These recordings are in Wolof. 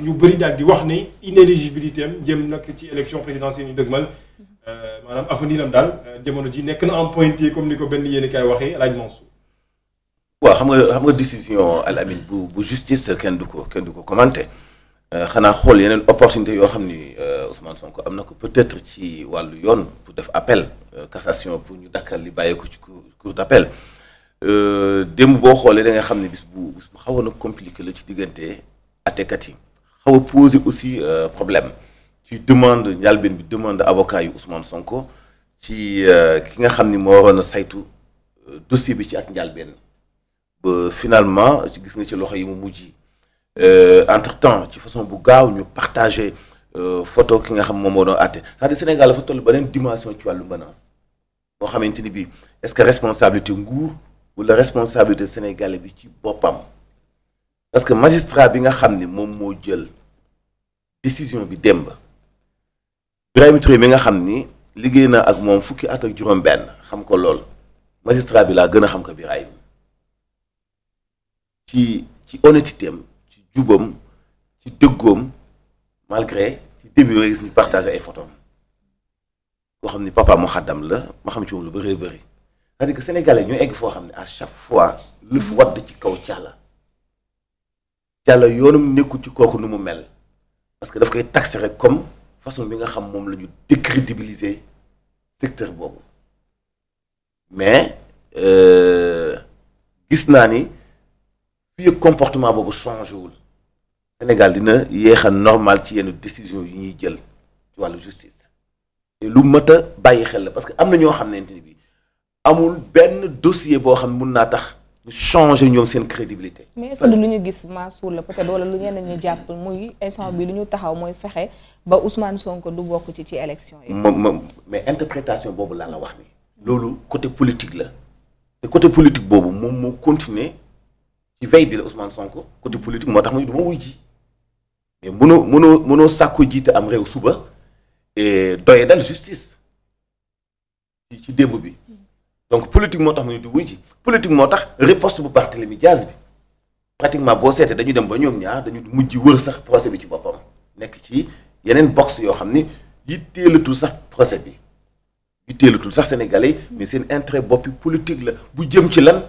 ñu bëri daal di wax ne inéligibilité am jëm nag ci élection présidentielle ñu dëgmal euh, maanaam avenir am daal euh, jamono ji nekk na en pointé comme ni ko benn yéen kay waxee El Hadj Mansour waaw xam nga xam nga décision Al Amine bu bu justice kenn du ko kenn du ko commenté euh, xanaa xool yeneen opportunité yoo xam ni Ousmane Sonko am na ko peut-être ci wàllu yoon pour def appel cassation pour ñu dakkal li ko ci cour d'appel démb boo xoolee da nga xam ne bis bu bis bu xawoon a compliqué la ci diggante àttekat yi xaw a poser aussi euh, problème ci demande njàlbeen bi demande avocat yu Ousmane Sonko ci euh, ki nga xam ni moo waroon a saytu euh, dossier bi ci ak njàlbeen ba finalement gis nga ci loxo yi mu mujj entre temps ci façon bu gaaw ñu partagé photo ki nga xam moom moo doo àtte c'est-à-dire Sénégal dafa toll beneen dimension ci wàllu menace boo xamante ni bii est-ce que responsabilité nguur wala responsabilité sénégalais bi ci boppam parce que magistrat bi nga xam ni moom moo jël. décision bi démb Birahim Touré mi nga xam ni liggéey na ak moom fukki at ak juróom-benn xam ko lool magistrat bi laa gën a xam ko Birahim ci ci honnêteté ci jubam ci dëggoom malgré ci début yooyu gis ñu partagé ay photos koo xam ni papa mu xaddam la ma xam ci moom lu bëree bëri c'est-à-dire que sénégalais ñoo egg foo xam ne à chaque fois lu wadd ci kaw càlla càlla yoonum nekkul ci kooku nu mu mel. parce que daf koy taxé rek comme façon bi nga xam moom la ñu décrédibiliser secteur boobu mais euh, gis naa ni fii comportement boobu changé wul Sénégal dina yéex a normal ci yenn décision yu ñuy jël ci wàllu justice te lu mat a bàyyi xel la parce que am na ñoo xam ne bi amul benn dossier boo xam ne mun naa tax changer ñoom seen crédibilité. mais est-ce que lu ñu gis Mansour la peut-être wala lu ñenn ñu jàpp muy instant bi lu ñu taxaw mooy fexe ba Ousmane Sonko du bokk ci ci élection yi. moom moom mais interprétation boobu laa la wax ni loolu côté politique la te côté politique boobu moom moo continuer ci veille bi la Ousmane Sonko côté politique moo tax ma ñu ma wuy ji mais mënoo mënoo mënoo sàkku jiite am réew suba doye dal justice ci démb bi. donc politique moo tax mu ne du wuy ji politique moo tax riposte bu Barthélemy Diaz bi pratiquement boo seetee dañu dem ba ñoom ñaar dañu mujj wër sax procès bi ci boppam nekk ci yeneen box yoo xam ni yitteelatul sax procès bi yitteelatul sax sénégalais mais seen intérêt boppi politique la bu jëm ci lan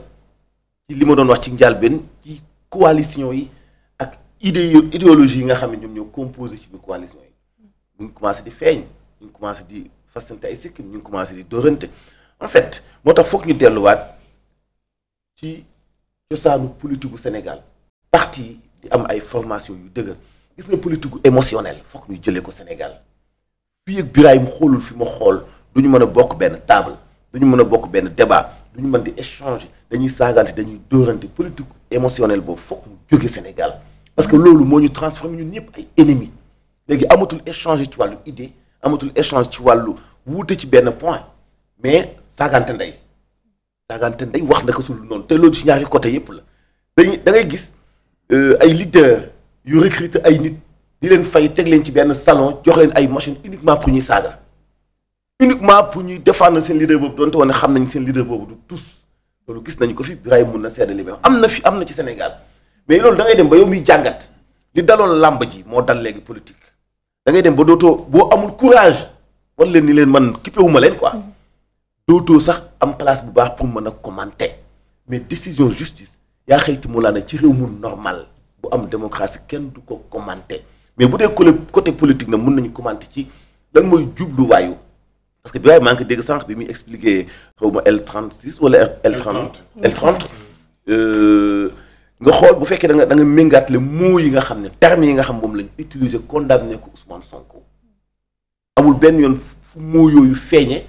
ci li ma doon wax ci njëlbéen ci coalition yi ak idée idéologie yi nga xam ne ñoom ñoo composé ci biir coalition yi ñu ngi commencé di feeñ ñu ngi commencé di fasante ay sikkim ñu ngi commencé di dóorante en fait moo tax foog ñu delluwaat ci cosaanu politique gu Sénégal parti di am ay formation yu dëgër gis nga politique gu émotionnel foog ñu jëlee ko Sénégal fi fii ak Birahim xoolul fi ma xool du ñu mën a bokk benn table du ñu mën a bokk benn débat du ñu mën di échanger dañuy saagante dañuy dóorante politique émotionnel boobu foog mu jóge Sénégal parce que loolu moo ñu transformé ñun ñëpp ay ennemis léegi amatul échanger ci wàllu idée amatul échange ci wàllu wuute ci benn point mais saagante ndey saagante ndey wax naka sul noonu te loolu ci ñaari côté yëpp la dañuy da ngay gis euh, ay leader yu recruter ay nit di leen fay teg leen ci benn salon jox leen ay machine uniquement pour ñuy saaga uniquement pour ñuy défendre seen leader boobu doonte woon xam nañ seen leader boobu du tous loolu gis nañu ko fi Birahim mun na seddali même am na fi am na ci Sénégal mais loolu dangay dem ba yow muy jàngat li daloon làmb ji moo dal léegi politique da ngay dem ba dootoo boo amul courage war leen ni leen man kippewuma leen quoi dootoo sax am place bu baax pour mën a commenter mais décision justice yaa xëyti mu laa ne ci réew mu normal bu am démocratie kenn du ko commenter mais bu dee côté côté politique na mun nañu commenter ci lan mooy jubluwaayu parce que bi waaye maa ngi ko dégg sànq bi muy expliqué xaw ma L36 wala L30 L30 euh, nga xool bu fekkee da nga da nga méngaat le yi nga xam ne termes yi nga xam moom lañ utiliser condamné ko Ousmane Sonko amul benn yoon fu moo yooyu feeñe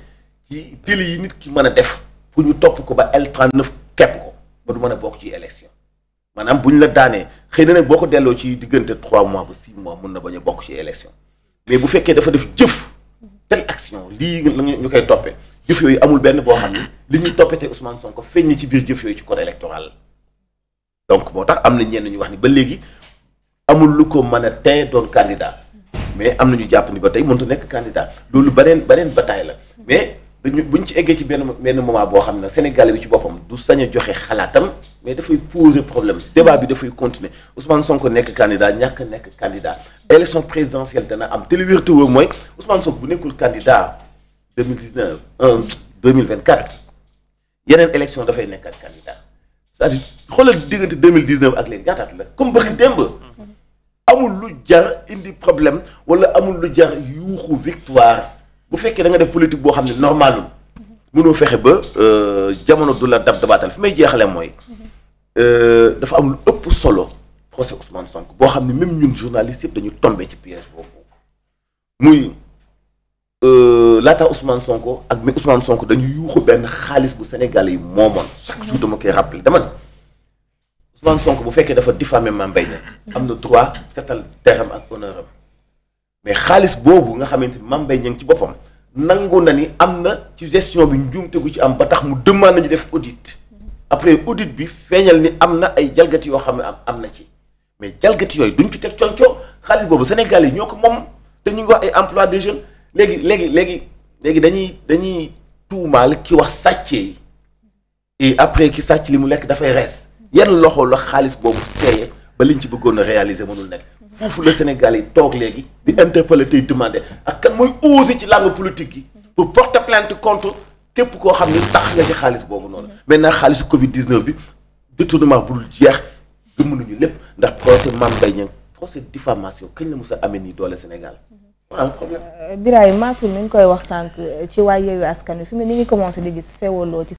ci télé yi nit ki mën a def pour ñu topp ko ba L39 kepp ko ba du mën a bokk ci élection maanaam bu ñu la daanee xëy na nag boo ko delloo ci diggante 3 mois ba 6 mois mun na bañ a bokk ci élection mais bu fekkee dafa def jëf telle action lii ñu koy toppee jëf yooyu amul benn boo xam ne li ñu ñuy toppatee Ousmane Sonko feeñ ci biir jëf yooyu ci code électoral donc boo tax am na ñenn ñu wax ni ba léegi amul lu ko mën a tee doon candidat mais am na jàpp ni ba tey mënut a nekk candidat loolu beneen beneen bataille la mais. dañu buñ ci eggee ci benn benn boo xam ne Sénégal bi ci boppam du sañ a joxe xalaatam mais dafay poser problème débat bi dafay continuer Ousmane Sonko nekk candidat ñàkk nekk candidat élection présidentielle dana am te li wér te wóor mooy Ousmane Sonko bu nekkul candidat mille dix neuf un deux mille yeneen élection dafay nekkaat candidat c'est-à-dire xoolal diggante deux mille dix neuf ak léegi ñaataat la comme bëgg démb. Mm-hmm. amul lu jar indi problème wala amul lu jar yuuxu victoire. bu fekkee da nga def politique boo xam ne normalul mënoo fexe ba euh, jamono du la dab dabaatal fi may jeexale mooy euh, dafa am lu ëpp solo procès Ousmane sonk boo xam ne même ñun journaliste yëpp dañu tombé ci piège boobu muy euh, laata Ousmane sonk ak mi Ousmane Sonko dañu yuuxu benn xaalis bu Sénégal yi moomoon chaque jour dama koy rappelé dama ne Ousmane Sonko bu fekkee dafa diffamé Mame Mbaye Niang am na droit setal deram ak honneur mais xaalis boobu nga xamante ni Mame Mbaye Niang ci boppam nangu na ni am na ci gestion bi njuumte gu ci am ba tax mu demande nañu def audite après audit bi feeñal ni am na ay jalgati yoo xam ne am na ci mais jalgati yooyu duñ ci teg conco xaalis boobu Sénégal yi ñoo ko moom te ñu wax ay emplois de jeunes léegi léegi léegi léegi dañuy dañuy tuumaal ki wax sàccee yi et après ki sàcc li mu lekk dafay rees yan loxo la xaalis boobu seeye ba liñ ci bëggoon a réaliser mënul nekk foofu la Sénégal yi toog léegi di interpeller tey demander ak kan mooy oser ci langue politique yi. pour porter plainte contre képp koo xam ni tax nga ci xaalis boobu noonu. Mm-hmm. maintenant xaalisu Covid 19 bi détournement bu dul jeex gëmm nañu lépp ndax procès Mame Mbaye Niang procès diffamation kañ la mos a amee nii doole Sénégal. Mm-hmm. voilà problème euh, Birahim Mansour mi ngi koy wax sànq ci waa Yewwi Askan fi mu ne ni ngi di gis feewaloo ci